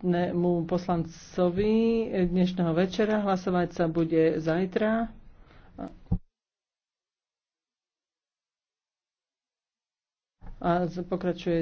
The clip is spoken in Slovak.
dnešnému poslancovi dnešného večera. Hlasovať sa bude zajtra. A pokračuje